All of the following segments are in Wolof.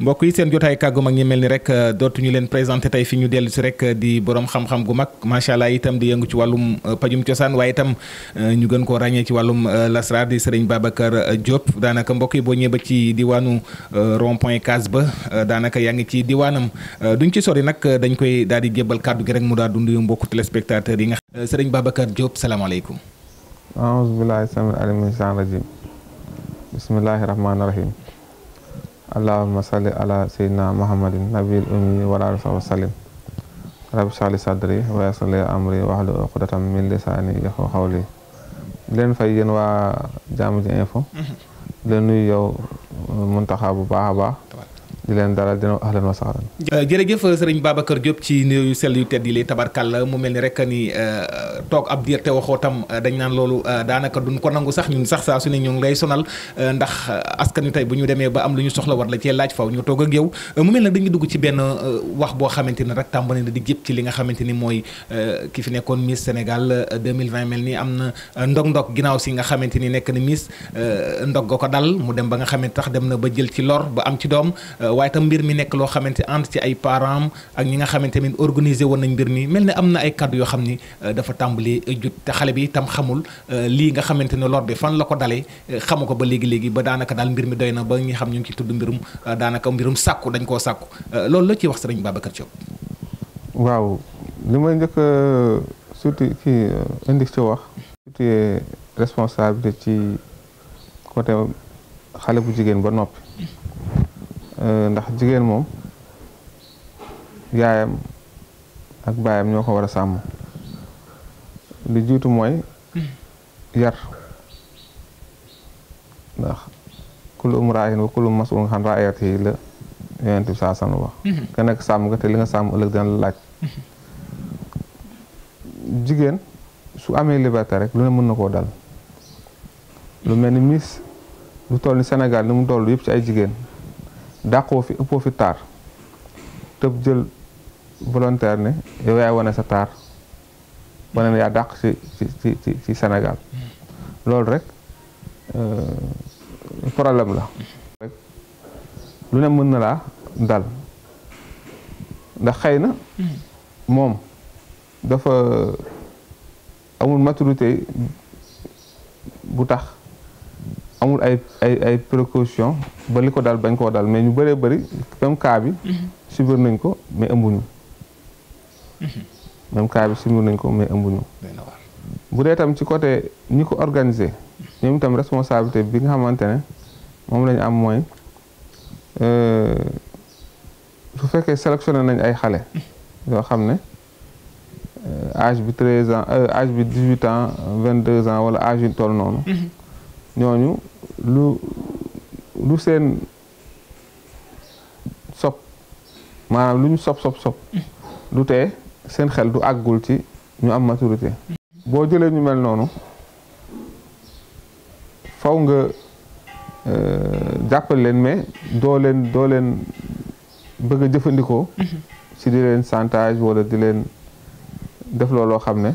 mbokk yi seen jotaay kàggu mag ñi mel ni rek euh, dootuñu leen présenté tey fi ñu dellu si rek euh, di boroom xam-xam gu mag macha allah itam di yëngu ci wàllum euh, pajum cosaan waaye itam ñu gën koo ràññee ci wàllum lasraar di sëriñ Babacar Diop daanaka mbokk yi boo ñëwee ci diwaanu rond point Case ba daanaka yaa ngi ci diwaanam duñ ci sori nag dañ koy daal di jébbal kàddu gi rek mu daal di nuyu mbokku téléspectateurs yi nga xam sëriñ Babacar Diop salaamaaleykum. aouzu billaahi samiil allahumma salli ala sayyidina muhammadin nabil ummi wala alfa wa salim rabbi sali sadri wa yassir li amri wahlul uqdatam min lisani yafqahu qawli di leen fay yéen waa Jamm ji info mhm. di leen nuyu yow Muntaxa bu baax a baax di leen dara dina ahlan wa sahlan euh, jërëjëf sëriñ kër Diop ci néew yu sell yu tedd yi lay tabarkàlla mu mel ni rek ni euh, toog ab diir waxoo tam euh, dañ naan loolu daanaka duñ ko nangu sax ñun sax saa su ne ñu lay sonal ndax askan bu ñu demee ba am lu ñu soxla war la cee laaj faw ñu toog ak yow mu mel nag dañuy dugg ci benn wax boo xamante ni rek tàmbali na di jëpp ci li nga xamante ni mooy ki fi nekkoon Miss Sénégal 2020 mel ni am na ndog-ndog ginnaaw si nga xamante ni nekk na Miss ndog ga ko dal mu dem ba nga xamante tax dem na ba jël ci lor ba am ci doom waaye tam mbir mi nekk loo xamante ànd ci ay parents ak ñi nga xamante ni organisé woon nañ mbir mi mel ni am na ay kàddu yoo xam ni euh, dafa tàmbali euh, jut te xale bi tam xamul euh, lii nga xamante ne lor bi fan la ko dalee xamu ko ba léegi-léegi ba daanaka daal mbir mi doy na ba ngi xam ñu ngi ci tudd mbirum daanaka mbirum sàkku dañ koo sàkku loolu la ciy wax sëriñ Babacar Diop waaw li may njëkk surtout kii indi ci wax surtout responsabilité ci côté xale bu jigéen ba nopp Euh, ndax jigéen moom yaayam ak baayam ñoo ko war a sàmm li jiitu mooy yar ndax kulum raayin wa kulum masul nga xam raayat yi la yonent bi saa san wax mhm. nga sàmm li sàmm ëllëg dina la laaj mhm. jigéen su amee liberté rek lu ne mën na koo dal lu mel ni miss lu toll ni Sénégal ni mu toll yëpp ci ay jigéen dàqoo fi ëppoo fi taar tëb jël volontaire ne yow yaay wane sa taar wane ne yaa dàq ci senegal ci loolu rek euh, problème la lu ne mën na laa dal ndax xëy na moom dafa amul maturité bu tax amul ay ay ay précaution ba ko daal bañ koo daal mais ñu bëree bëri même cas bi. Mhm. subir nañ ko mais ëmbuñu. Mhm. même cas bi nañ ko mais ambuñu bu dee tam ci côté ñi ko organisé. ñoom itam responsabilité bi nga xamante ne moom lañ am mooy euh, su fekkee sélectionné nañ ay xale. yoo xam ne age euh, bi treize ans euh, âge bi dix huit ans vingt deux ans wala âge yu toll noonu. Mhm. ñooñu lu lu seen sob maanaam luñ ñu sob sob sob du tee seen xel du àggul ci ñu am maturité boo jëlee ñu mel noonu faw nga euh, jàppal leen mais doo leen doo leen bëgg a jëfandikoo mm-hmm. ci di leen chantage wala di leen def looloo xam ne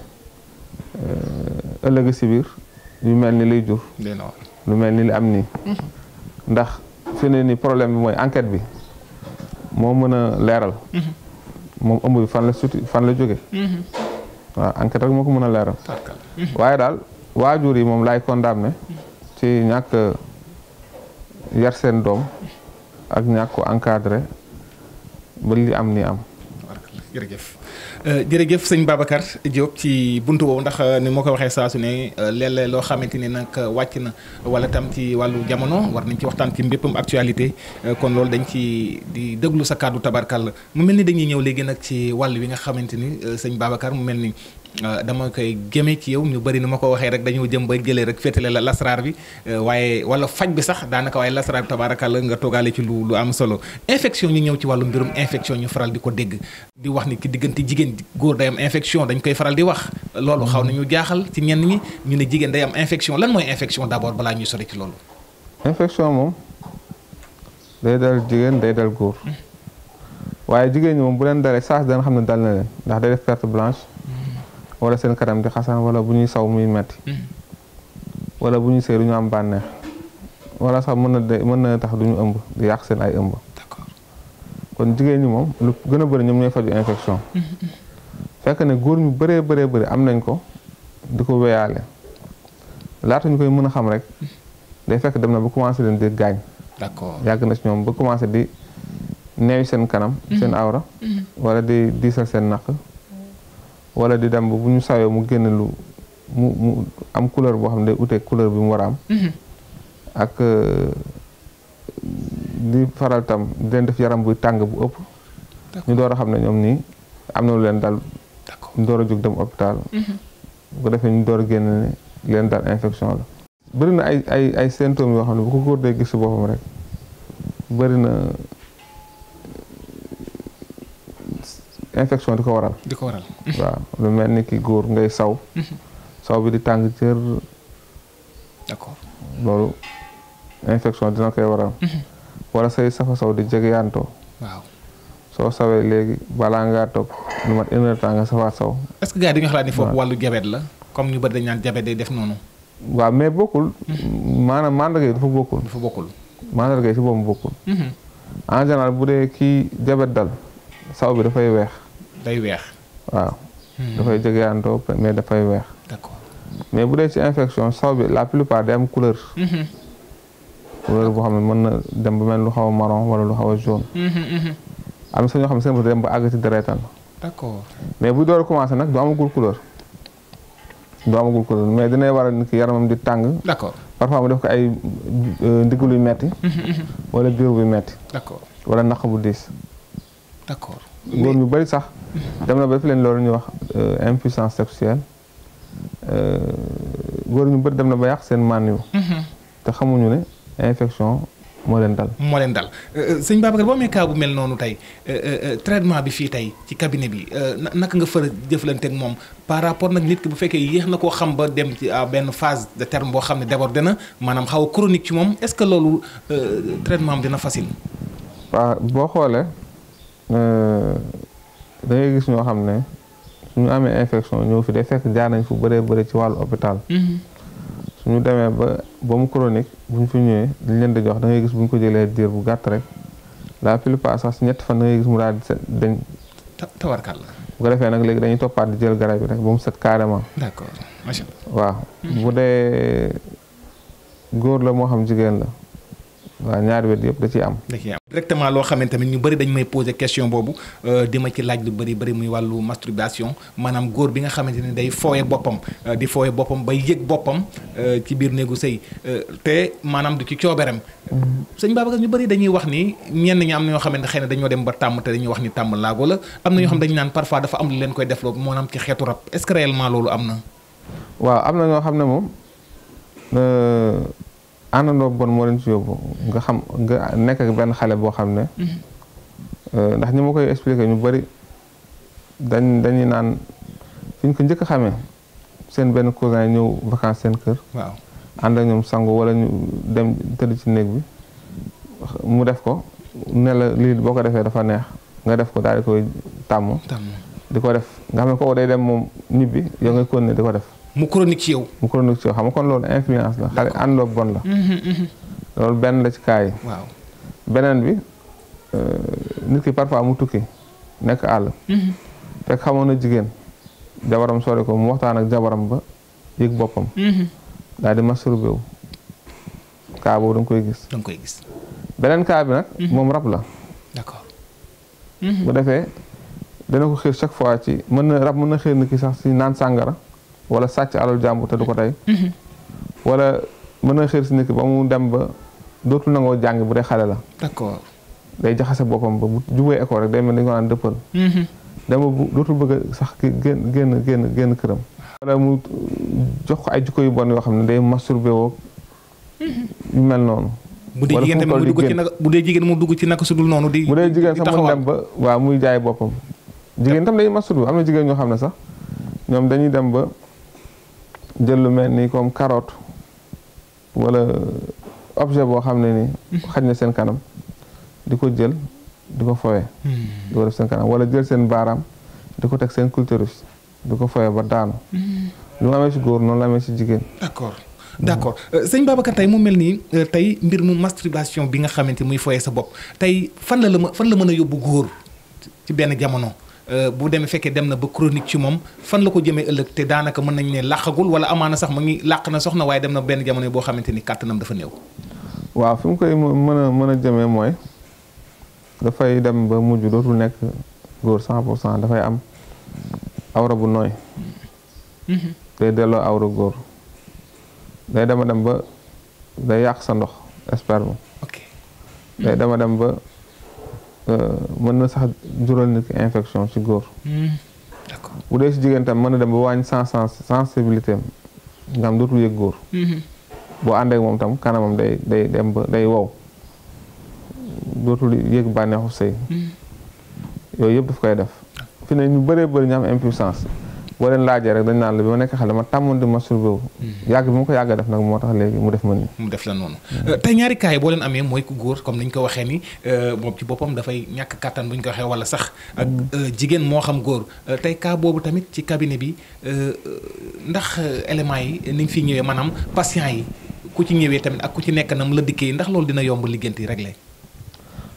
euh, ëllëg si biir yu mel ni luy jur lu mel ni li am nii ndax fi ne ni problème bi mooy enquête bi moo mën a leeral moom ëmb fan la suti fan la jóge waaw enquête rek moo ko mën a leeral waaye daal waajur yi moom kon dame ci ñàkk yar seen doom ak ñàkk ko encadré ba li am ni am Euh, jërëjëf sëñ Babacar Diop ci buntu boobu ndax euh, ni moo ko waxee saa su ne euh, léeg-léeg loo xamante ni nag wàcc na wala tam ci wàllu jamono war nañ ci waxtaan ci mbéppam actualité kon loolu dañ ci di déglu sa kàddu tabarkal mu mel ni dañuy ñëw léegi nag ci wàll wi nga xamante ni sëñ Babacar mu mel ni Euh, dama koy gémme ci yow ñu bari ni ma ko waxee rek dañoo jëm ba jëlee rek féetale la lasraar bi euh, waaye wala faj bi sax daanaka waaye lasraar bi la nga toogaale ci lu lu am solo infection ñu ñëw ci wàllu mbirum infection ñu faral di ko dégg di wax ni ki diggante jigéen góor day am infection dañ koy faral di wax loolu xaw nañu jaaxal ci ñenn ñi ñu ne jigéen day am infection lan mooy infection d'abord balaa ñuy sori ci loolu infection moom day dal jigéen day dal góor hmm. waaye jigéen ñi moom bu leen dalee saas dana xam ne dal na wala seen kanam di xasan wala bu ñuy saw muy metti hmm. wala bu ñuy sëy du ñu am bànneex walla sax mën na de mën na tax duñu ñu ëmb di yàq seen ay ëmb kon jigéen ñi moom lu gën a bëri ñoom ñooy faju infection hmm, hmm. fekk ne góor ñu bëree bëree bëri am nañ ko di ko weyaale laata ñu koy mën a xam rek day fekk dem na bu commencé leen di gaañ d'accord yàgg na si ñoom ba commencé di neewi seen kanam seen awra wala di diisal seen naq wala di dem ba bu ñu sayoo mu génn lu mu mu am couleur boo xam ne day utee couleur bi mu war a am mhm. ak di euh, faral tam leen def yaram buy tàng bu ëpp ñu door a xam ne ñoom nii am na lu leen dal ñu door a jóg dem hôpital mhm. bu ko defee ñu door a génn ne leen daal infection la bëri na ay ay ay symptômes yoo xam ne bu ko góor dee gis boppam rek bëri na infection di ko waral. di waaw lu mel ni ki góor ngay saw. Mhm. saw bi di tàng jër. loolu infection dina koy waral. Mhm. wala say safa saw di jegeyantoo. waaw soo sawee léegi balaa ngaa toog lu mat une heure temps nga safaat saw. est-ce yi dañuy xalaat ni foofu wàllu jabet la comme ñu bari dañ naan jabet day def noonu. waaw mais bokkul. Mhm. maanaam mandarga dafa bokkul. dafa bokkul. si boobu bokkul. en bu dee kii jabet dal saw bi dafay weex. day weex. waaw. Hmm. dafay jegeyantoo mais dafay weex. mais bu dee ci infection saw bi la plupart day am couleur. Hmm. couleur boo xam ne mën na dem ba mel lu xaw a marron wala lu xaw a jaune. Hmm, am na ñoo xam ne seen bët dem ba àgg ci deretan. d'accord mais bu door a commencé nag du amagul couleur. du amagul couleur mais dinay waral nit ki yaramam di tàng. parfois mu def ko ay euh, ndiglu metti wala biir bu metti d'accord naq bu diis. góor yu bëri sax dem na ba fi leen loolu ñuy wax euh, impuissance sexuelle euh, góor ñu bëri dem na ba yàq seen mànn yu mm-hmm. te xamuñu ne infection moo leen dal moo leen dal euh, sëñ Babacar boo amee cas bu mel noonu tey traitement bi fii tey ci cabinet bi naka nga fër jëflante ak moom par rapport nag nit ki bu fekkee yéex na koo xam ba dem ci benn phase de terme boo xam ne débordé na maanaam xaw a chronique ci moom est-ce que loolu traitement am dina facile. waaw boo xoolee. Euh, da ngay gis ñoo xam ne suñu amee infection ñëw fi day fekk jaar nañ fu bëree bëri ci wàllu hôpital. Mhm. suñu demee ba ba mu chronique buñ fi ñëwee dañ leen di jox da gis buñ ko jëlee diir bu gàtt rek la plupart sax si ñetti fan da gis mu daal di set dañ. tawarkal la. bu ko defee nag léegi dañuy toppaat di jël garab yi rek ba mu set carrément. d'accord macha allah waaw mhm. bu dee góor la moo xam jigéen la. waaw ñaar wet yëpp da ciy am. da ciy am directement xamante tamit ñu bëri dañ may poser question boobu euh, di ma ci laaj lu bëri bëri muy wàllu masturbation maanaam góor bi nga xamante ni day fooye boppam euh, di fooye boppam bay yëg boppam euh, ci biir néegu sëy te maanaam du ci cooberam sëñ Babacar ñu bëri dañuy wax ni ñeen ñi am na ñoo xamante xëy dañoo dem ba tàmm te dañuy wax ni tàmm laago la am na ñoo xam dañu naan parfois dafa am lu leen koy def loolu maanaam ci xeetu rab est na. waaw am na ñoo xam ne moom. àndandoo bon moo leen ci yóbbu nga xam nga nekk benn xale boo xam ne mm-hmm. euh, ndax ñi ma koy expliqué ñu bari dañ dañuy naan fi ko njëkk a xamee seen benn cousin yi ñëw vacances seen kër waaw ànd ñoom sangu walla ñu dem tëdd ci néeg bi mu def ko ne la lii boo ko defee dafa neex nga def ko daal di koy tàmm di ko def nga xam ne kooku day dem moom ñibbi yow ngay continuer di ko def mu chronique ci yow. xam a kon loolu influence la xale àndoo bon la. Mm-hmm, mm-hmm. loolu benn la ci kaa yi. beneen bi euh, nit ki parfois mu tukki nekk àll. Mm-hmm. fekk xamoon na jigéen jabaram sori ko mu waxtaan ak jabaram ba yëg boppam. daal di masturbé kaa boobu da koy gis. da nga beneen kaa bi nag. moom rab la. d'accord. bu defee dana ko xiir chaque fois ci mën na rab mën na xiir nit ki sax si naan sàngara. wala sàcc alal jàmbur te du ko tey mhm. wala mën a xiir si nit ki ba mu dem ba dootul nangoo jàng bu dee xale la d'accord day jaxase boppam ba bu jubee école rek day mel ko naan dëppal mhm. dama bu dootul bëgg sax génn génn génn génn mu jox ko ay jikko yu bon yoo xam ne day masturbé woog mhm. yu mel noonu bu dee jigéen tamit mu dugg bu dee jigéen mu dugg ci naka sudul noonu di dee jigéen sax mu ba waaw muy jaay boppam jigéen tam day masturbé am na jigéen ñoo xam ne sax ñoom dañuy dem ba jël lu mel ni comme carotte wala objet boo xam ne ni xaj na seen kanam di ko jël di ko fowe hmm. di ko def seen kanam wala jël seen baaraam di ko teg seen culturus di ko fowe ba daanu hmm. lu mu amee ci góor noonu la amee ci jigéen d'accord d' accord euh, sëñ Babacar tey mu mel nii euh, tey mbir mu masturbation bi nga xamante muy foyee sa bopp tey fan la la fan la mën a yóbbu góor ci benn jamono Euh, bu demee fekkee dem na ba chronique ci moom fan la ko jëmee ëllëg te daanaka mën nañ ne làqagul wala amaana sax mu ngi làq na soxna waaye dem na benn jamono boo xamante ni kàttanam dafa néew. waaw fi mu koy mën a mën a jëmee mooy dafay dem ba mujj dootul nekk góor 100 pour cent dafay am awra bu nooy. Mhm. day delloo awra góor day dema dem ba day yàq sa ndox sperme. ok day dema dem ba. Euh, mën na sax jural nit ki infection ci góor. Hmm, d'accord bu dee ci jigéen tam mën na dem ba wàññi sens sensibilité am nga xam dootul yëg góor. Hmm. boo àndee moom tam kanamam day day day wow dootul yëg bànneexu sëy hmm. yooyu yëpp daf koy def. fi ne ñu bëree bëri ñu am boo leen laajee rek dañ naan la bi ma nekk xale ma tàmmoon di masturbé wu hmm. yàgg bi ma ko yàgga def nag moo tax léegi mu def ma nii mu def la noonu hmm. euh, tey ñaari cas yi ko waxee ni euh, ci boppam dafay ñàkk kàttan buñ ko waxee wala sax ak hmm. euh, jigéen moo xam góor tey cas boobu tamit ci cabinet bi ndax éléments yi ni ñu fi ñëwee maanaam patient yi ku ci ñëwee tamit ak ku ci nekk nam la dikkee ndax loolu dina yomb liggéent yi réglé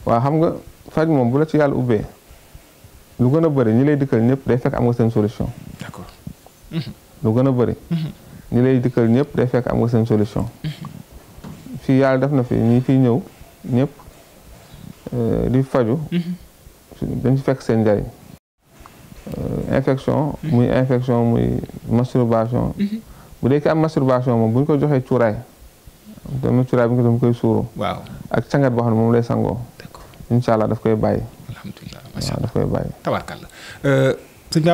waaw xam nga faj moom bu la ci yàlla ubbee lu gën a bëri ñi lay dikkal ñëpp day fekk am nga seen solution. d'accord. lu gën a bëri. ñi lay ñëpp day fekk am seen solution. fii yàlla def na fi ñi fi ñëw ñëpp euh, di faju. dañ fekk seen njariñ. Euh, infection. muy infection muy masturbation. bu dee ki am masturbation moom bu ñu ko joxee cuuraay. tamit cuuraay bi nga ko doon koy suuru. ak cangat boo xam ne moom lay sangoo. incha allah daf koy bàyyi. alhamdulilah macha allah waaw daf koy bàyyi. tabaarkàlla euh, sëñ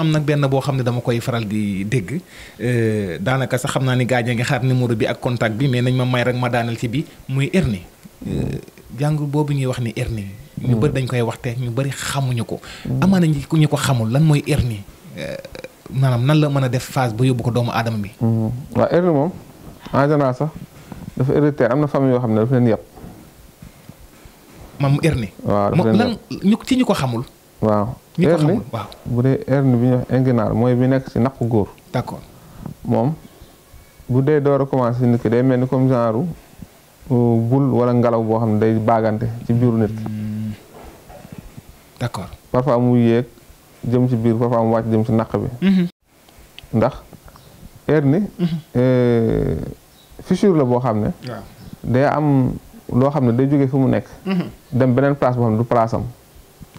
am nag benn boo xam ne dama koy faral di dégg euh, daanaka sax xam naa ni gaañ a ngi xaar numéro bi ak contact bi mais nañ ma may rek ma daanal ci bi muy hernie. Euh, jàngul boobu ñuy wax ni hernie. ñu bëri mm. dañ koy waxte ñu bari xamuñu ko. Mm. amaana ñi ñu ko xamul lan mooy hernie. maanaam nan la mën a def phase bu yóbbu ko doomu aadama bi. Mm-hmm. waaw hernie moom en général sax dafa héréditaire am na famille yoo xam ne dafa leen yàpp. mam hernie. waaw lan ci ñu ko xamul. waaw ñu ko xamul bu dee hernie bi ñuy wax mooy bi nekk si napp góor. d'accord moom bu dee door a commencé nit ki day mel ni comme genre euh, bul wala ngelaw boo xam ne day baagante ci biiru nit ki. Hmm. d'accord parfois mu yéeg jëm ci biir parfois mu wàcc jëm ci naq bi. Mm-hmm. ndax hernie. Mm-hmm. Euh, fissure la boo xam ne. day am. loo xam ne day jóge fi mu nekk. Mhm. dem beneen place boo xam ne du place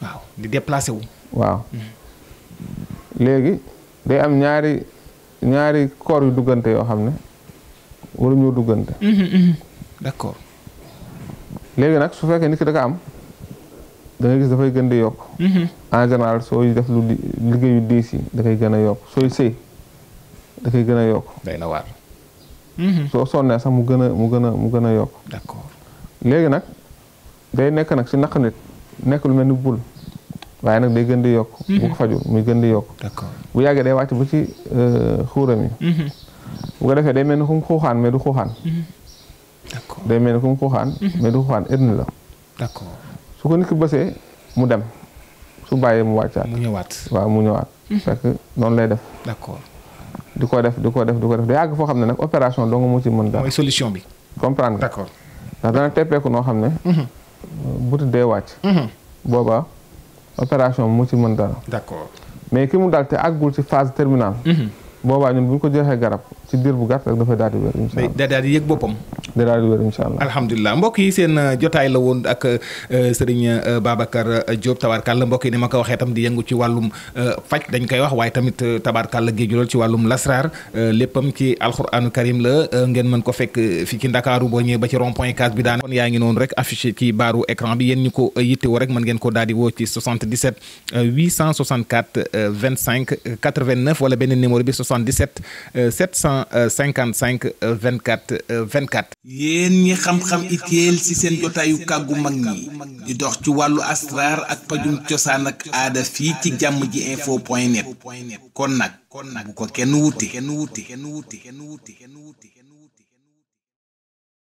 waaw di déplacé wu. waaw mhm. léegi day am ñaari ñaari corps yu duggante yoo xam ne wala ñoo duggante. Mhm, d'accord. léegi nag su fekkee nit ki da am da ngay gis dafay gën di yokk. en général sooy def lu liggéeyu diis yi da koy gën a yokk sooy sëy da gën a yokk. day na waar. soo sonnee sax mu gën a mu gën a mu gën a yokk. léegi nag day nekk nag si naq nit nekk lu mel ni bul waaye nag day gën di yokk mhm. bu ko muy gën di yokk bu yàggee day wàcc bu ci euh, xuuram yi mhm. bu ko defee day mel ni kum xuuxaan mais du xuuxaan mhm. day mel ni kum xuuxaan mais du xuuxaan irni la su ko nit ki bësee mu dem su bàyyee mu wàccaat mu ñëwaat waaw mu ñëwaat fekk noonu lay def d'accord di ko def di ko def di ko def da yàgg foo xam ne nag opération doo nga mu ci mën daal mooy solution bi comprendre nga d'accord ndax dana teppeeku noo xam ne mhm. bu tëddee wàcc mhm. booba opération mu ci mën dara mais ki mu dal te àggul ci phase terminale mhm. boobaa ñun bu ñu ko joxee garab ci diir bu gàtt rek dafay daal di wér allah day daal mbokk yi seen uh, jotaay la woon ak uh, Serigne uh, Babacar Diop tabaarkàlla mbokk yi ni ma ko waxee tam di yëngu ci wàllum faj dañ koy wax waaye tamit tabaarkàlla géeju lool ci wàllum lasraar léppam ci alxuraanu karim la ngeen mën ko fekk fii ci ndakaaru boo ñëwee ba ci rond point case bi daana kon yaa ngi noonu rek affiché ci baaru écran bi yéen ñu ko yittewoo rek mën ngeen ko daal di woo ci 77 864 25 89 wala benn numéro 77 755 24 24. yéen ñi xam-xam itéel ci seen jotaayu kàggu mag ñi di dox ci wàllu asraar ak pajum cosaan ak aada fii ci jàmm ji info point net kon nag bu ko kenn wuti.